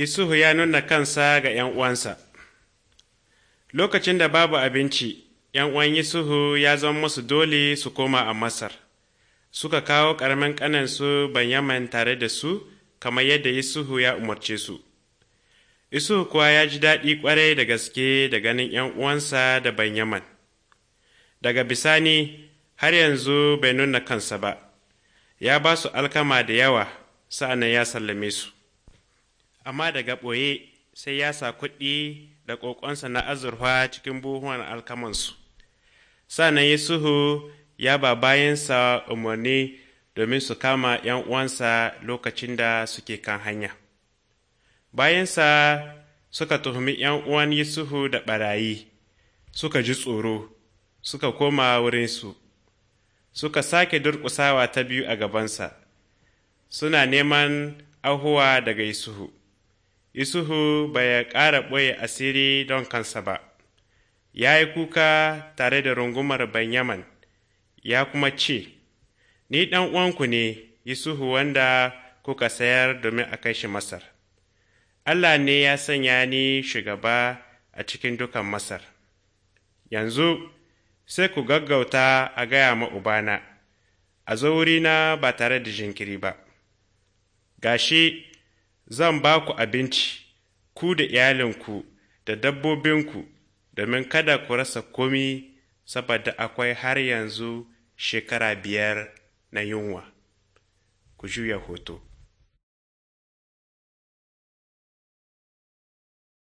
Yusufu ya nuna kansa ga ’yan uwansa. Lokacin da babu abinci, ’yan uwan Yusufu ya zama musu dole su koma a Masar. Suka kawo ƙaramin ƙanansu Banyaman tare da su, kamar yadda Yusufu ya umarce su. Yusufu kuwa ya ji daɗi ƙwarai da gaske da ganin ’yan uwansa da Banyaman. Daga bisani, har yanzu bai nuna kansa ba, ya ba su alkama da yawa, sa'an ya sallame su. amma daga ɓoye sai ya sa kuɗi da ƙoƙonsa na azurfa cikin buhuwan alkamansu. Sannan Yusufu ya ba bayansa umarni domin su kama ‘yan uwansa lokacin da suke kan hanya. Bayansa suka tuhumi ‘yan uwan Yusufu da ɓarayi, suka ji tsoro, suka koma wurinsu, suka sake durƙusawa ta biyu a gabansa, suna neman ahuwa daga Yusufu. Isuhu bai ƙara ɓoye asiri don kansa ba, ya yi kuka tare da rungumar Banyaman, ya kuma ce, Ni ɗan uwanku ne, Isuhu, wanda kuka sayar domin a kai shi Masar. Allah ne ya sanya ni shugaba a cikin dukan Masar. Yanzu sai ku gaggauta a gaya ma ubana, a zo wurina ba tare da jinkiri ba. Gashi zan ba ku abinci, ku da iyalinku da dabbobinku, domin kada ku rasa komi saboda akwai har yanzu shekara biyar na yunwa. Ku juya hoto.